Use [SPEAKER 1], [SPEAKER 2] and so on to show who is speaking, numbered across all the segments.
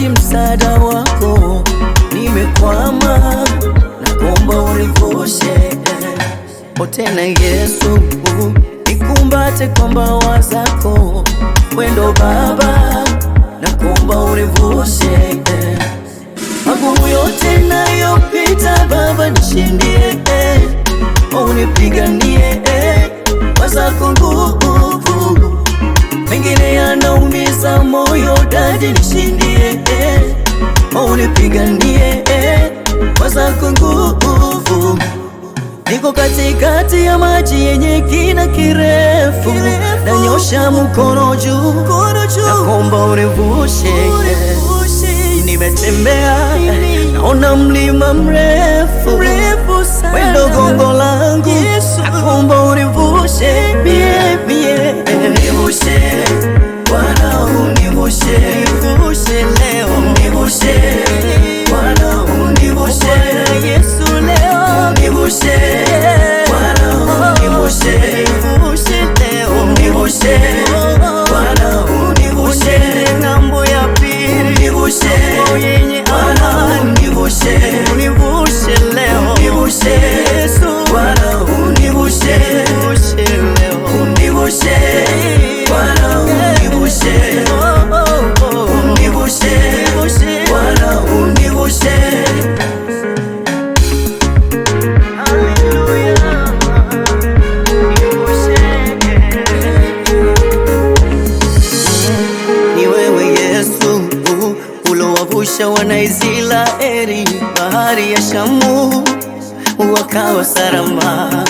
[SPEAKER 1] Nahitaji msaada wako, nimekwama, naomba univushe. otena Yesu, nikumbate kwa mbawa zako, wendo Baba, naomba univushe. Magumu yote nayopita Baba, nishindie, unipige nipiganie kwa eh, nguvu. Niko katikati ya maji yenye kina kirefu, nanyosha mkono juu, nakomba urevushe. Eh. Nimetembea naona mlima mrefu, wendo gongo langu, nakomba urevushe Kusha wanaizila eri bahari ya Shamu wakawa salama.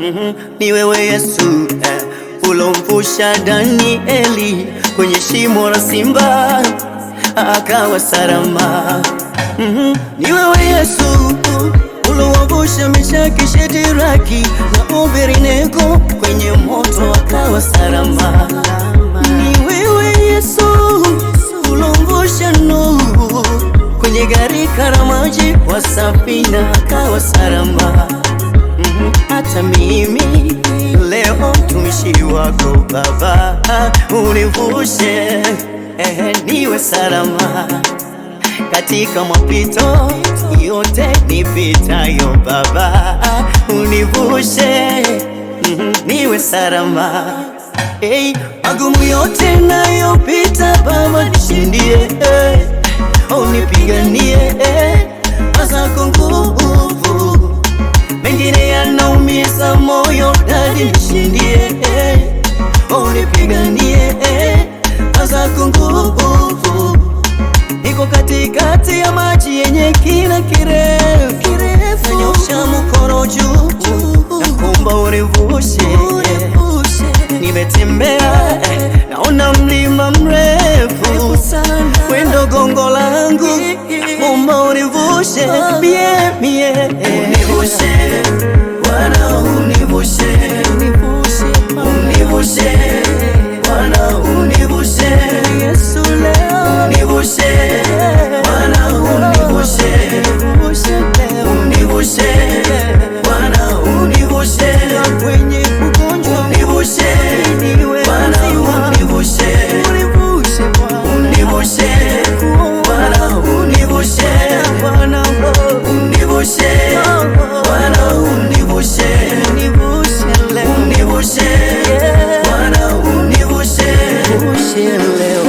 [SPEAKER 1] Mm -hmm. Ni wewe Yesu eh, ulomvusha Danieli kwenye shimo la simba akawa salama. Mm -hmm. Ni wewe Yesu ulowavusha Meshaki, Shedraki na Abednego kwenye moto akawa salama. Ni wewe Yesu marushano kwenye gari karamaji kwa safina kawa salama mm hata mimi leo mtumishi wako Baba univushe eh, niwe salama katika mapito yote nipitayo Baba univushe mm -hmm. niwe salama hey magumu yote nayopita, Baba nishindie, eh, unipiganie eh, azako nguvu, mengine yanaumiza moyo, dadi nishindie, eh, unipiganie azako nguvu, niko katikati ya maji yenye kina kirefu, nanyosha mkono juu, nakuomba univushe nimetembea naona mlima mrefu wendo gongo langu mumba univushe mie mie
[SPEAKER 2] univushe wanaume
[SPEAKER 1] leo,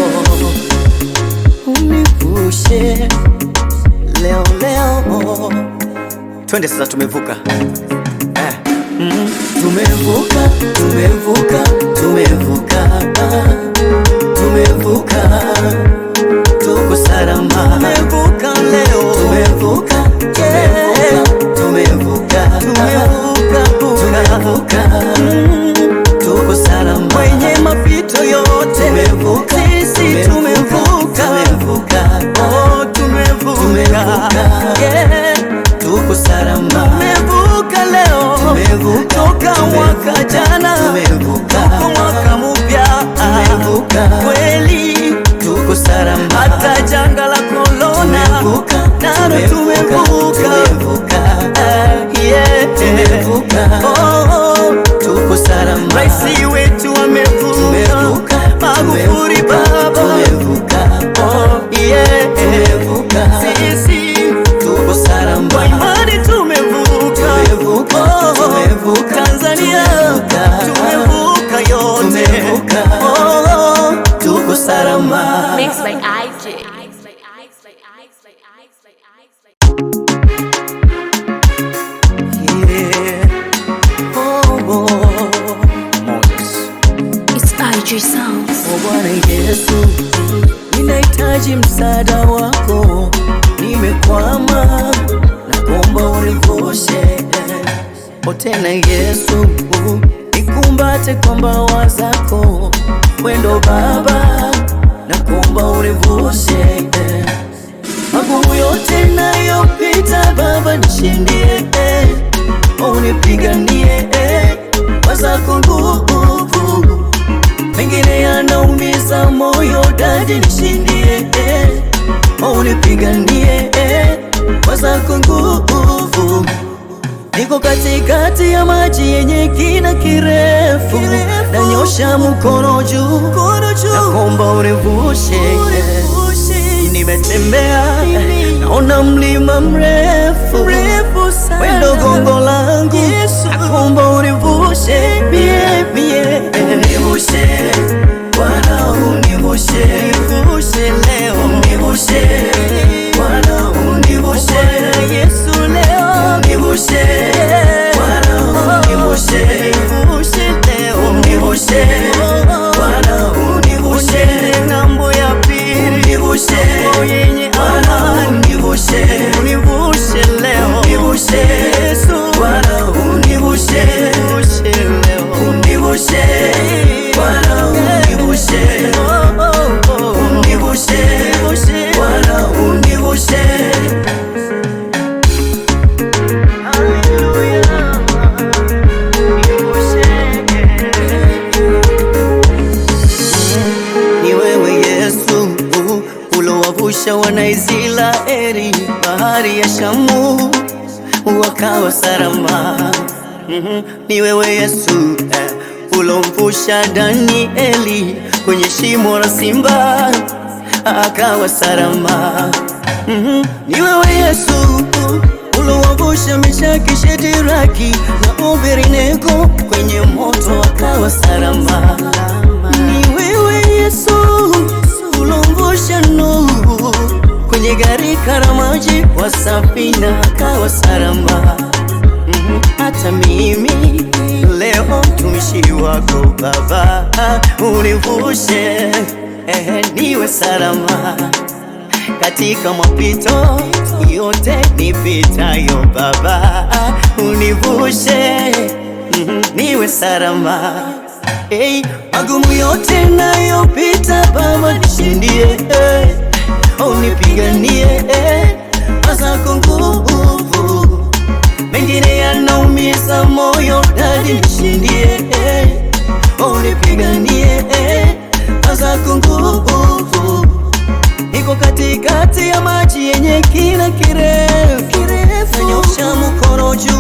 [SPEAKER 1] univushe leo leo.
[SPEAKER 3] Twende sasa, tumevuka eh. mm.
[SPEAKER 1] Tumevuka, tumevuka, tumevuka, tumevuka 我感觉。Oh, oh. oh, Bwana Yesu, ninahitaji msaada wako, nimekwama, naomba univushe. O oh, tena Yesu, nikumbate kwa mbawa zako, wendo Baba, na naomba univushe Magumu yote nayopita, Baba nishindie, eh. unipiganie eh. wazako nguvu, mengine yanaumiza moyo, Dadi nishindie, eh. unipiganie wazako nguvu. Niko katikati ya maji yenye kina kirefu, kirefu. Nanyosha mkono juu, nakomba univushe nimetembea naona mlima mrefu, sana, wendo gongo langu, nakuomba univushe kisha wanaizila eri bahari ya Shamu wakawa salama. mm -hmm. Ni wewe Yesu eh, ulomvusha Danieli kwenye shimo la simba akawa salama. mm -hmm. Ni wewe Yesu ulowavusha Meshaki, Shediraki na Abednego kwenye moto akawa salama. Ni wewe Yesu ulomvusha Nuhu kwenye gari karamaji wa safina kawa salama mhm, hata mimi leo mtumishi wako Baba, univushe niwe salama katika mapito yote nipitayo Baba, univushe mhm, niwe salama hey, magumu yote nayopita Baba, nishindie hey. Eh unipiganie azako nguvu, mengine yanaumiza moyo, dadi nishindie, unipiganie azako nguvu, niko katikati ya maji yenye kina kirefu, kirefu, nanyosha mkono juu